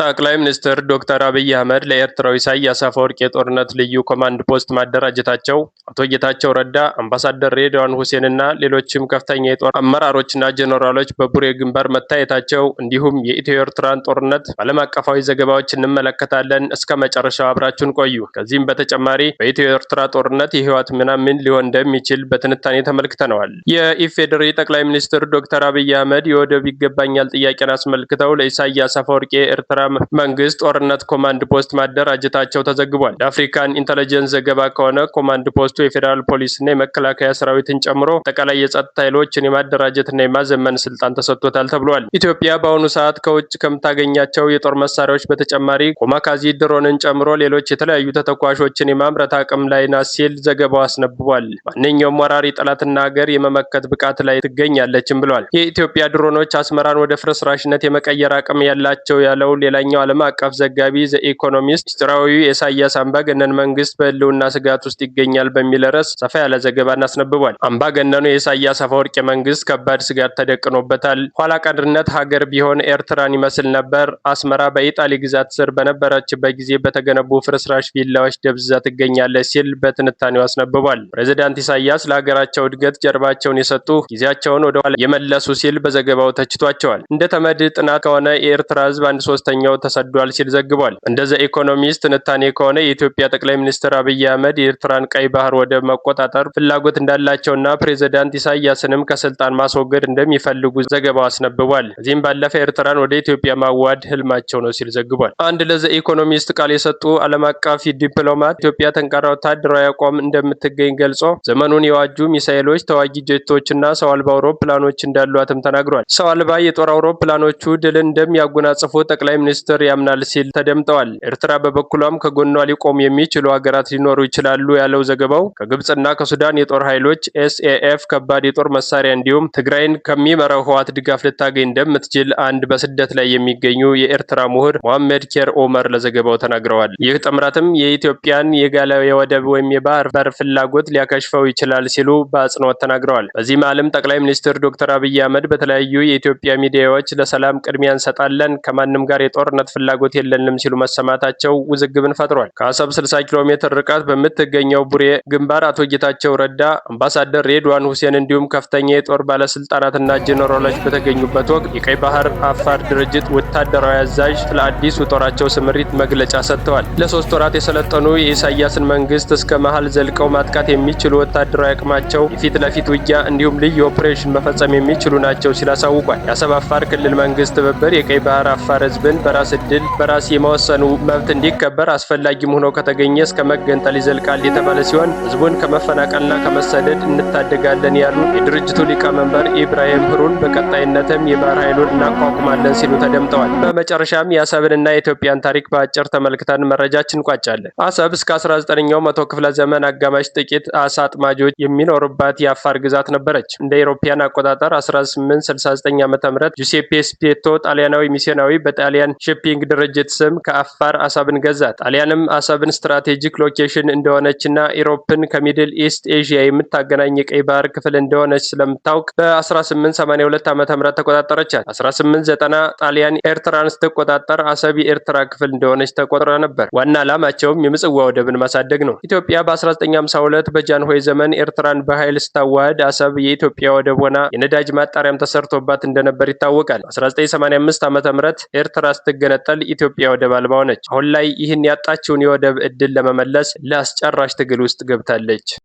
ጠቅላይ ሚኒስትር ዶክተር አብይ አህመድ ለኤርትራው ኢሳያስ አፈወርቂ የጦርነት ልዩ ኮማንድ ፖስት ማደራጀታቸው አቶ ጌታቸው ረዳ፣ አምባሳደር ሬድዋን ሁሴን እና ሌሎችም ከፍተኛ የጦር አመራሮችና ጀኔራሎች በቡሬ ግንባር መታየታቸው እንዲሁም የኢትዮ ኤርትራን ጦርነት በዓለም አቀፋዊ ዘገባዎች እንመለከታለን። እስከ መጨረሻው አብራችሁን ቆዩ። ከዚህም በተጨማሪ በኢትዮ ኤርትራ ጦርነት የህወሓት ሚና ምን ሊሆን እንደሚችል በትንታኔ ተመልክተነዋል። የኢፌዴሪ ጠቅላይ ሚኒስትር ዶክተር አብይ አህመድ የወደብ ይገባኛል ጥያቄን አስመልክተው ለኢሳያስ አፈወርቂ የኤርትራ መንግስት ጦርነት ኮማንድ ፖስት ማደራጀታቸው ተዘግቧል። የአፍሪካን ኢንተለጀንስ ዘገባ ከሆነ ኮማንድ ፖስቱ የፌዴራል ፖሊስና የመከላከያ ሰራዊትን ጨምሮ አጠቃላይ የጸጥታ ኃይሎችን የማደራጀትና የማዘመን ስልጣን ተሰጥቶታል ተብሏል። ኢትዮጵያ በአሁኑ ሰዓት ከውጭ ከምታገኛቸው የጦር መሳሪያዎች በተጨማሪ ኮማካዚ ድሮንን ጨምሮ ሌሎች የተለያዩ ተተኳሾችን የማምረት አቅም ላይ ናት ሲል ዘገባው አስነብቧል። ማንኛውም ወራሪ ጠላትና ሀገር የመመከት ብቃት ላይ ትገኛለችም ብሏል። የኢትዮጵያ ድሮኖች አስመራን ወደ ፍርስራሽነት የመቀየር አቅም ያላቸው ያለው የሆነው ሌላኛው ዓለም አቀፍ ዘጋቢ ዘ ኢኮኖሚስት ሚስጢራዊው የኢሳያስ አምባገነን መንግስት በህልውና ስጋት ውስጥ ይገኛል በሚል ርዕስ ሰፋ ያለ ዘገባን አስነብቧል። አምባገነኑ የኢሳያስ አፈወርቂ መንግስት ከባድ ስጋት ተደቅኖበታል። ኋላ ቀርነት ሀገር ቢሆን ኤርትራን ይመስል ነበር። አስመራ በኢጣሊ ግዛት ስር በነበረችበት ጊዜ በተገነቡ ፍርስራሽ ቪላዎች ደብዝዛ ትገኛለች ሲል በትንታኔው አስነብቧል። ፕሬዚዳንት ኢሳያስ ለሀገራቸው እድገት ጀርባቸውን የሰጡ ጊዜያቸውን ወደኋላ የመለሱ ሲል በዘገባው ተችቷቸዋል። እንደ ተመድ ጥናት ከሆነ የኤርትራ ህዝብ አንድ ሶስተኛው ተሰዷል ሲል ዘግቧል። እንደ ዘ ኢኮኖሚስት ትንታኔ ከሆነ የኢትዮጵያ ጠቅላይ ሚኒስትር አብይ አህመድ የኤርትራን ቀይ ባህር ወደብ መቆጣጠር ፍላጎት እንዳላቸውና ፕሬዚዳንት ኢሳያስንም ከስልጣን ማስወገድ እንደሚፈልጉ ዘገባው አስነብቧል። እዚህም ባለፈ ኤርትራን ወደ ኢትዮጵያ ማዋድ ህልማቸው ነው ሲል ዘግቧል። አንድ ለዘ ኢኮኖሚስት ቃል የሰጡ ዓለም አቀፍ ዲፕሎማት ኢትዮጵያ ጠንካራ ወታደራዊ አቋም እንደምትገኝ ገልጾ ዘመኑን የዋጁ ሚሳኤሎች፣ ተዋጊ ጀቶችና ሰው አልባ አውሮፕላኖች እንዳሏትም ተናግሯል። ሰው አልባ የጦር አውሮፕላኖቹ ድልን እንደሚያጎናጽፉ ጠቅላይ ሚኒስትር ያምናል ሲል ተደምጠዋል። ኤርትራ በበኩሏም ከጎኗ ሊቆም የሚችሉ ሀገራት ሊኖሩ ይችላሉ ያለው ዘገባው ከግብፅና ከሱዳን የጦር ኃይሎች ኤስኤኤፍ ከባድ የጦር መሳሪያ እንዲሁም ትግራይን ከሚመራው ህወሓት ድጋፍ ልታገኝ እንደምትችል አንድ በስደት ላይ የሚገኙ የኤርትራ ምሁር ሞሐመድ ኬር ኦመር ለዘገባው ተናግረዋል። ይህ ጥምረትም የኢትዮጵያን የጋለ የወደብ ወይም የባህር በር ፍላጎት ሊያከሽፈው ይችላል ሲሉ በአጽንኦት ተናግረዋል። በዚህም ዓለም ጠቅላይ ሚኒስትር ዶክተር አብይ አህመድ በተለያዩ የኢትዮጵያ ሚዲያዎች ለሰላም ቅድሚያ እንሰጣለን ከማንም ጋር የጦርነት ፍላጎት የለንም ሲሉ መሰማታቸው ውዝግብን ፈጥሯል። ከአሰብ 60 ኪሎ ሜትር ርቀት በምትገኘው ቡሬ ግንባር አቶ ጌታቸው ረዳ፣ አምባሳደር ሬድዋን ሁሴን እንዲሁም ከፍተኛ የጦር ባለስልጣናትና ጄኔራሎች በተገኙበት ወቅት የቀይ ባህር አፋር ድርጅት ወታደራዊ አዛዥ ስለ አዲሱ ጦራቸው ስምሪት መግለጫ ሰጥተዋል። ለሶስት ወራት የሰለጠኑ የኢሳያስን መንግስት እስከ መሀል ዘልቀው ማጥቃት የሚችሉ ወታደራዊ አቅማቸው የፊት ለፊት ውጊያ እንዲሁም ልዩ ኦፕሬሽን መፈጸም የሚችሉ ናቸው ሲል አሳውቋል። የአሰብ አፋር ክልል መንግስት ትብብር የቀይ ባህር አፋር ህዝብ ሕዝብን በራስ እድል በራስ የመወሰኑ መብት እንዲከበር አስፈላጊም ሆኖ ከተገኘ እስከ መገንጠል ይዘልቃል የተባለ ሲሆን ሕዝቡን ከመፈናቀልና ከመሰደድ እንታደጋለን ያሉ የድርጅቱ ሊቀመንበር ኢብራሂም ህሩን በቀጣይነትም የባህር ኃይሉን እናቋቁማለን ሲሉ ተደምጠዋል። በመጨረሻም የአሰብንና የኢትዮጵያን ታሪክ በአጭር ተመልክተን መረጃችን እንቋጫለን። አሰብ እስከ 19ኛው መቶ ክፍለ ዘመን አጋማሽ ጥቂት አሳ አጥማጆች የሚኖሩባት የአፋር ግዛት ነበረች። እንደ አውሮፓውያን አቆጣጠር 1869 ዓ ም ጁሴፔ ስፔቶ ጣሊያናዊ ሚስዮናዊ በጣ የጣሊያን ሺፒንግ ድርጅት ስም ከአፋር አሰብን ገዛ። ጣሊያንም አሰብን ስትራቴጂክ ሎኬሽን እንደሆነችና ኢሮፕን ከሚድል ኢስት ኤዥያ የምታገናኝ የቀይ ባህር ክፍል እንደሆነች ስለምታውቅ በ1882 ዓ ም ተቆጣጠረቻል። 1890 ጣሊያን ኤርትራን ስትቆጣጠር አሰብ የኤርትራ ክፍል እንደሆነች ተቆጥረ ነበር። ዋና ዓላማቸውም የምጽዋ ወደብን ማሳደግ ነው። ኢትዮጵያ በ1952 በጃንሆይ ዘመን ኤርትራን በኃይል ስታዋህድ አሰብ የኢትዮጵያ ወደብ ሆና የነዳጅ ማጣሪያም ተሰርቶባት እንደነበር ይታወቃል። 1985 ዓ ም ኤርትራ ኤርትራ ስትገነጠል ኢትዮጵያ ወደብ አልባ ሆነች። አሁን ላይ ይህን ያጣችውን የወደብ እድል ለመመለስ ለአስጨራሽ ትግል ውስጥ ገብታለች።